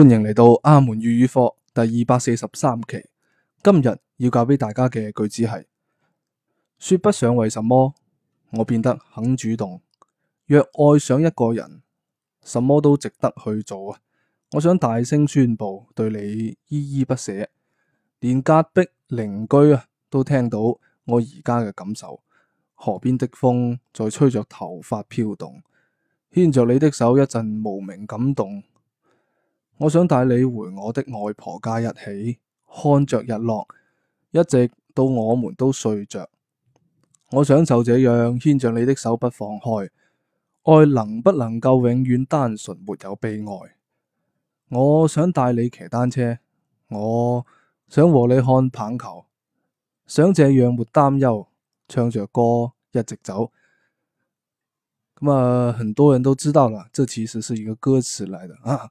歡迎嚟到阿門粵語課第二百四十三期。今日要教俾大家嘅句子係：說不上為什麼，我變得很主動。若愛上一個人，什麼都值得去做啊！我想大聲宣布，對你依依不捨，連隔壁鄰居啊都聽到我而家嘅感受。河邊的風在吹着頭髮飄動，牽着你的手，一陣莫名感動。我想帶你回我的外婆家，一起看着日落，一直到我們都睡着。我想就這樣牽着你的手不放開，愛能不能夠永遠單純沒有悲哀？我想帶你騎單車，我想和你看棒球，想這樣沒擔憂，唱着歌一直走。咁、嗯、啊、呃，很多人都知道啦，這其實是一個歌詞嚟的啊。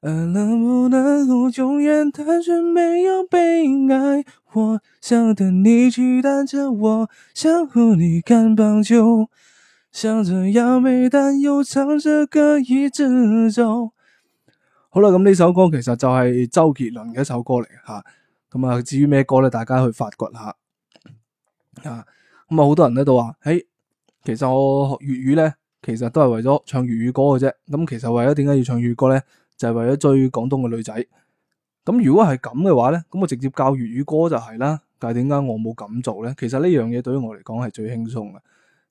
而、啊、能不能夠永遠單純沒有悲哀？我想等你去，牽著我，想和你看棒球，想著搖尾但又唱着歌一直走。好啦，咁呢首歌其實就係周杰倫嘅一首歌嚟吓，咁啊，至於咩歌咧，大家去發掘下啊。咁啊，好多人喺度話，誒、欸，其實我學粵語咧，其實都係為咗唱粵語歌嘅啫。咁其實為咗點解要唱粵語歌咧？就係為咗追廣東嘅女仔，咁如果係咁嘅話咧，咁我直接教粵語歌就係啦。但係點解我冇咁做咧？其實呢樣嘢對於我嚟講係最輕鬆嘅，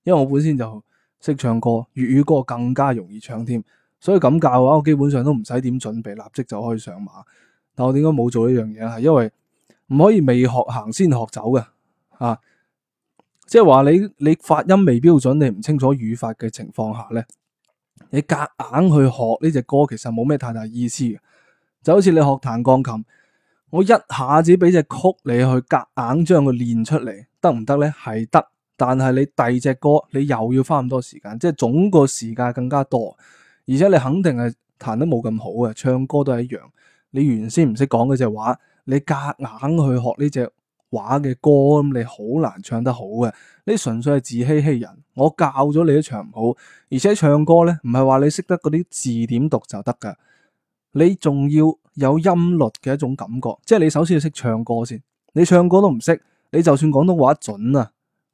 因為我本身就識唱歌，粵語歌更加容易唱添。所以咁教嘅話，我基本上都唔使點準備，立即就可以上馬。但我點解冇做呢樣嘢？係因為唔可以未學行先學走嘅啊！即係話你你發音未標準，準，你唔清楚語法嘅情況下咧。你夾硬去學呢隻歌，其實冇咩太大意思。就好似你學彈鋼琴，我一下子俾隻曲你去夾硬將佢練出嚟，得唔得呢？係得，但係你第二隻歌，你又要花咁多時間，即係總個時間更加多。而且你肯定係彈得冇咁好嘅，唱歌都係一樣。你原先唔識講嗰隻話，你夾硬去學呢隻話嘅歌，咁你好難唱得好嘅。你純粹係自欺欺人。我教咗你都唱唔好，而且唱歌咧唔係話你識得嗰啲字點讀就得噶，你仲要有音律嘅一種感覺，即係你首先要識唱歌先。你唱歌都唔識，你就算廣東話準啊，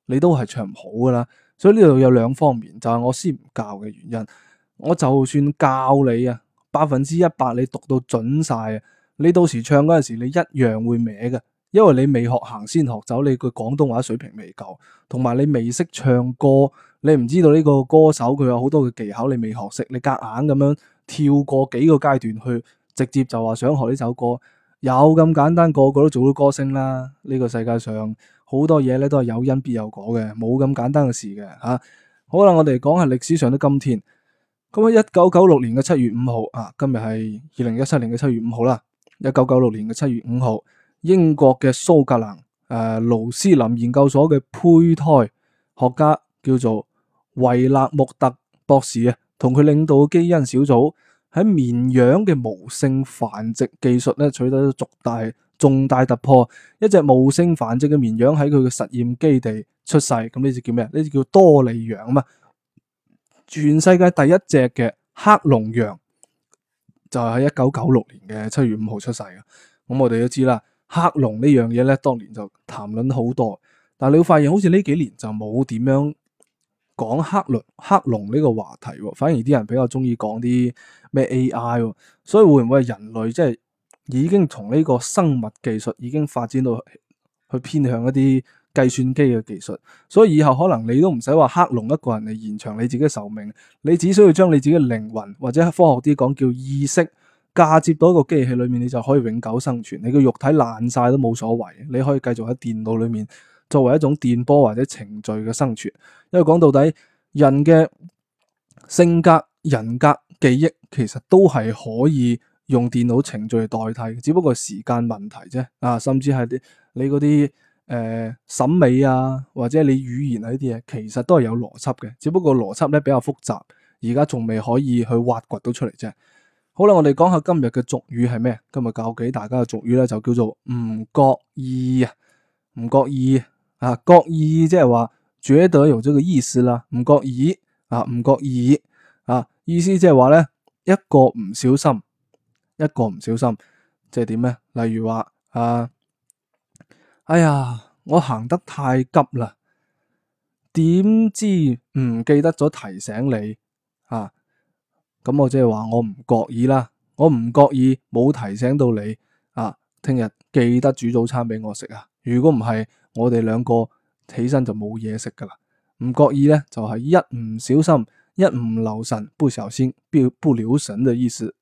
你都係唱唔好噶啦。所以呢度有兩方面，就係、是、我先唔教嘅原因。我就算教你啊，百分之一百你讀到準晒啊，你到時唱嗰陣時你一樣會歪嘅。因為你未學行先學走，你個廣東話水平未夠，同埋你未識唱歌，你唔知道呢個歌手佢有好多嘅技巧，你未學識，你夾硬咁樣跳過幾個階段去，直接就話想學呢首歌，有咁簡單，個個都做到歌星啦？呢個世界上好多嘢咧都係有因必有果嘅，冇咁簡單嘅事嘅吓、啊。好啦，我哋講係歷史上的今天。咁喺一九九六年嘅七月五號啊，今日係二零一七年嘅七月五號啦。一九九六年嘅七月五號。英國嘅蘇格蘭誒勞斯林研究所嘅胚胎學家叫做維勒穆特博士啊，同佢領導嘅基因小組喺綿羊嘅無性繁殖技術咧取得咗重大重大突破，一隻無性繁殖嘅綿羊喺佢嘅實驗基地出世，咁呢隻叫咩？呢隻叫多利羊啊嘛！全世界第一隻嘅克隆羊就係喺一九九六年嘅七月五號出世嘅，咁我哋都知啦。克隆呢樣嘢咧，當年就談論好多，但係你會發現好似呢幾年就冇點樣講克隆克隆呢個話題，反而啲人比較中意講啲咩 AI，所以會唔會人類即係已經從呢個生物技術已經發展到去，去偏向一啲計算機嘅技術？所以以後可能你都唔使話克隆一個人嚟延長你自己嘅壽命，你只需要將你自己嘅靈魂或者科學啲講叫意識。嫁接到一個機器裏面，你就可以永久生存。你個肉體爛晒都冇所謂，你可以繼續喺電腦裏面作為一種電波或者程序嘅生存。因為講到底，人嘅性格、人格、記憶，其實都係可以用電腦程序嚟代替，只不過時間問題啫。啊，甚至係你嗰啲誒審美啊，或者你語言啊呢啲嘢，其實都係有邏輯嘅，只不過邏輯咧比較複雜，而家仲未可以去挖掘到出嚟啫。好啦，我哋講下今日嘅俗語係咩？今日教幾大家嘅俗語咧，就叫做唔覺意，覺意啊，唔覺意啊，覺意即係話覺得有這個意思啦。唔覺意啊，唔覺意啊，意思即係話咧，一個唔小心，一個唔小心，即係點咧？例如話啊，哎呀，我行得太急啦，點知唔記得咗提醒你啊？咁我即係話我唔覺意啦，我唔覺意冇提醒到你啊，聽日記得煮早餐畀我食啊！如果唔係，我哋兩個起身就冇嘢食噶啦。唔覺意咧，就係、是、一唔小心，一唔留神，不小心，不留神嘅意思。